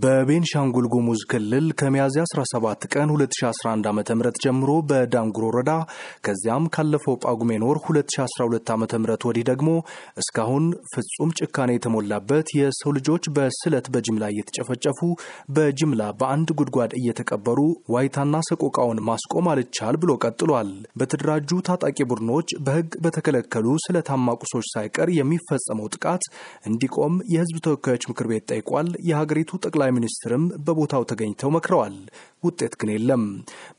በቤንሻንጉል ጉሙዝ ክልል ከሚያዝያ 17 ቀን 2011 ዓ ም ጀምሮ በዳንጉር ወረዳ ከዚያም ካለፈው ጳጉሜን ወር 2012 ዓ ም ወዲህ ደግሞ እስካሁን ፍጹም ጭካኔ የተሞላበት የሰው ልጆች በስለት በጅምላ እየተጨፈጨፉ በጅምላ በአንድ ጉድጓድ እየተቀበሩ ዋይታና ሰቆቃውን ማስቆም አልቻል ብሎ ቀጥሏል። በተደራጁ ታጣቂ ቡድኖች በህግ በተከለከሉ ስለታማ ቁሶች ሳይቀር የሚፈጸመው ጥቃት እንዲቆም የህዝብ ተወካዮች ምክር ቤት ጠይቋል። የሀገሪቱ ጠቅላይ ሚኒስትርም በቦታው ተገኝተው መክረዋል። ውጤት ግን የለም።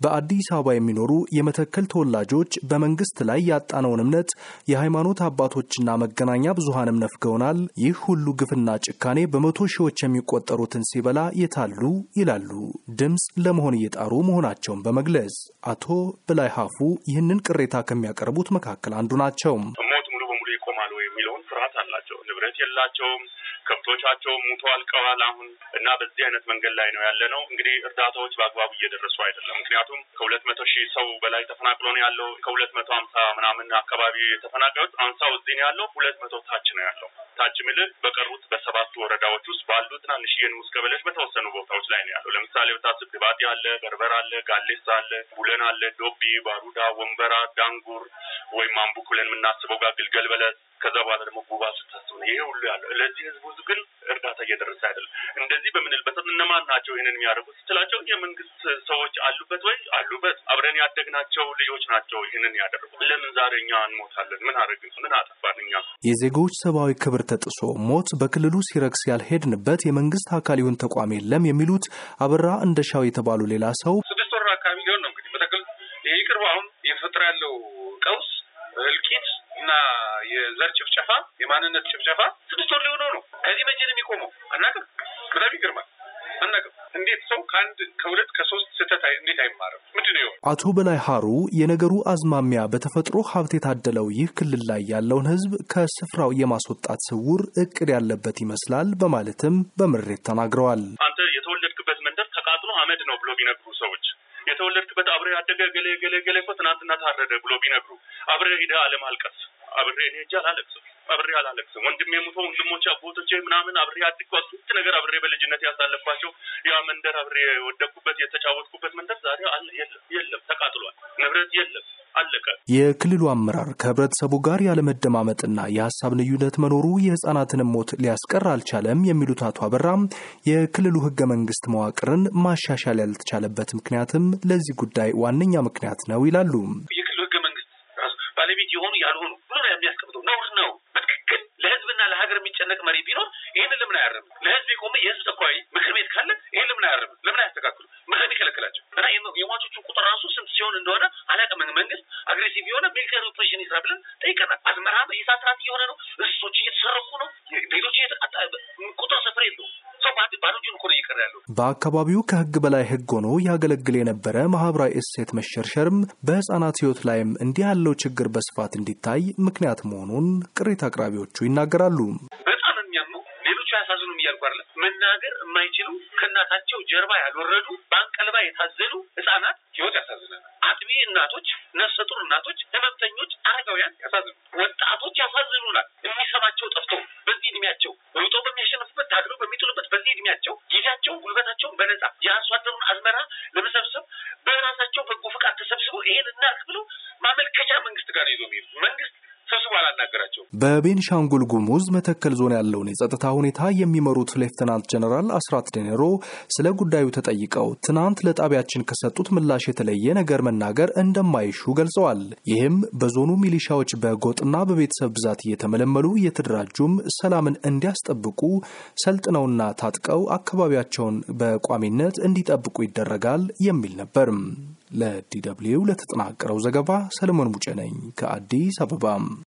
በአዲስ አበባ የሚኖሩ የመተከል ተወላጆች በመንግስት ላይ ያጣነውን እምነት የሃይማኖት አባቶችና መገናኛ ብዙሃንም ነፍገውናል። ይህ ሁሉ ግፍና ጭካኔ በመቶ ሺዎች የሚቆጠሩትን ሲበላ የታሉ ይላሉ። ድምፅ ለመሆን እየጣሩ መሆናቸውን በመግለጽ አቶ ብላይ ሀፉ ይህንን ቅሬታ ከሚያቀርቡት መካከል አንዱ ናቸው። የላቸውም። ከብቶቻቸው ሙቶ አልቀዋል አሁን እና በዚህ አይነት መንገድ ላይ ነው ያለ ነው። እንግዲህ እርዳታዎች በአግባቡ እየደረሱ አይደለም። ምክንያቱም ከሁለት መቶ ሺህ ሰው በላይ ተፈናቅሎ ነው ያለው። ከሁለት መቶ ሀምሳ ምናምን አካባቢ የተፈናቀሉት አምሳው እዚህ ነው ያለው፣ ሁለት መቶ ታች ነው ያለው። ታች ምልል በቀሩት በሰባቱ ወረዳዎች ውስጥ ባሉ ትናንሽ የንዑስ ቀበሌዎች በተወሰኑ ቦታዎች ላይ ነው ያለው። ለምሳሌ በታስብ ድባጤ አለ፣ በርበር አለ፣ ጋሌሳ አለ፣ ቡለን አለ፣ ዶቢ፣ ባሩዳ፣ ወንበራ፣ ዳንጉር ወይም አምቡክ ብለን የምናስበው ጋር ግልገል በለስ ከዛ በኋላ ደግሞ ጉባ ስታስብ ነው ይሄ ሁሉ ያለው። ለዚህ ህዝቡ ግን እርዳታ እየደረሰ አይደለም። እንደዚህ በምንልበት እነማን ናቸው ይህንን የሚያደርጉት ስትላቸው የመንግስት ሰዎች አሉበት ወይ አሉበት፣ አብረን ያደግናቸው ልጆች ናቸው ይህንን ያደርጉ። ለምን ዛሬ እኛ እንሞታለን? ምን አረግን? ምን አጠፋን እኛ? የዜጎች ሰብአዊ ክብር ተጥሶ ሞት በክልሉ ሲረግስ ያልሄድንበት የመንግስት አካል ይሁን ተቋም የለም የሚሉት አበራ እንደሻው የተባሉ ሌላ ሰው ስድስት ወር አካባቢ ሊሆን ነው እንግዲህ በተክል ይህ ቅርብ አሁን እየተፈጠረ ያለው ቀውስ እልቂት እና የዘር ጭፍጨፋ፣ የማንነት ጭፍጨፋ ስድስት ወር ሊሆነው ነው። ከዚህ መቼ ነው የሚቆመው? አናውቅም። በጣም ይገርማል። አናውቅም። እንዴት ሰው ከአንድ ከሁለት ከሶስት ስህተት እንዴት አይማርም? ምንድን ነው? አቶ በላይ ሀሩ የነገሩ አዝማሚያ በተፈጥሮ ሀብት የታደለው ይህ ክልል ላይ ያለውን ሕዝብ ከስፍራው የማስወጣት ስውር እቅድ ያለበት ይመስላል በማለትም በምሬት ተናግረዋል። አንተ የተወለድክበት መንደር ተቃጥሎ አመድ ነው ብሎ ቢነግሩ ሰዎች የተወለድክበት አብረህ ያደገ ገሌ ገሌ ገሌ እኮ ትናንትና ታረደ ብሎ ቢነግሩ አብረህ ሄደህ አለማልቀስ አብሬ እኔ እጅ አላለቅስም፣ አብሬ አላለቅስም። ወንድም የሙቶ ወንድሞች አቦቶቼ ምናምን አብሬ አድጓል። ስንት ነገር አብሬ በልጅነት ያሳለፍኳቸው ያ መንደር አብሬ የወደኩበት የተጫወትኩበት መንደር ዛሬ አለ የለም፣ የለም፣ ተቃጥሏል። ንብረት የለም፣ አለቀ። የክልሉ አመራር ከህብረተሰቡ ጋር ያለመደማመጥና የሀሳብ ልዩነት መኖሩ የህጻናትንም ሞት ሊያስቀር አልቻለም የሚሉት አቶ አበራ የክልሉ ህገ መንግስት መዋቅርን ማሻሻል ያልተቻለበት ምክንያትም ለዚህ ጉዳይ ዋነኛ ምክንያት ነው ይላሉ። የክልሉ ህገ መንግስት ባለቤት የሆኑ ያልሆኑ ብሎ ነው የሚያስቀምጠው ነውር ነው። በትክክል ለህዝብና ለሀገር የሚጨነቅ መሪ ቢኖር ይህን ልምን አያርም? ለህዝብ የቆመ የህዝብ ተኳይ ምክር ቤት ካለ ይህን ልምን አያርም? ለምን አያስተካክሉ? የሟቾቹን ቁጥር ራሱ ስንት ሲሆን እንደሆነ አላውቅም። መንግስት አግሬሲቭ የሆነ ሚሊተሪ ኦፕሬሽን ይስራ ብለን ጠይቀናል። አዝመራ የእሳት እየሆነ ነው። እንስሶች እየተሰረቁ ነው። ቤቶች ቁጥር ስፍር የለውም። በአካባቢው ከህግ በላይ ህግ ሆኖ ያገለግል የነበረ ማህበራዊ እሴት መሸርሸርም በህጻናት ህይወት ላይም እንዲህ ያለው ችግር በስፋት እንዲታይ ምክንያት መሆኑን ቅሬታ አቅራቢዎቹ ይናገራሉ። እያልኩ አለ መናገር የማይችሉ ከእናታቸው ጀርባ ያልወረዱ በአንቀልባ የታዘሉ ህጻናት ህይወት ያሳዝናል። አጥቢ እናቶች፣ ነፍሰ ጡር እናቶች፣ ህመምተኞች፣ አረጋውያን ያሳዝኑ፣ ወጣቶች ያሳዝኑናል። የሚሰማቸው ጠፍቶ በዚህ እድሜያቸው ሮጦ በሚያሸንፉበት ታግሎ በሚጥሉበት በዚህ እድሜያቸው ጊዜያቸውን ጉልበታቸውን በነጻ የአርሶ አደሩን አዝመራ ለመሰብሰብ በራሳቸው በጎ ፈቃድ ተሰብስበው ይሄን እናርክ ብለው ማመልከቻ መንግስት ጋር ይዞ የሚሄዱ መንግስት በፍጹም አላናገራቸውም። በቤንሻንጉል ጉሙዝ መተከል ዞን ያለውን የጸጥታ ሁኔታ የሚመሩት ሌፍትናንት ጀነራል አስራት ደኔሮ ስለ ጉዳዩ ተጠይቀው ትናንት ለጣቢያችን ከሰጡት ምላሽ የተለየ ነገር መናገር እንደማይሹ ገልጸዋል። ይህም በዞኑ ሚሊሻዎች በጎጥና በቤተሰብ ብዛት እየተመለመሉ እየተደራጁም ሰላምን እንዲያስጠብቁ ሰልጥነውና ታጥቀው አካባቢያቸውን በቋሚነት እንዲጠብቁ ይደረጋል የሚል ነበር። ለዲ ለተጠናቀረው ዘገባ ሰለሞን ሙጬ ነኝ ከአዲስ አበባ።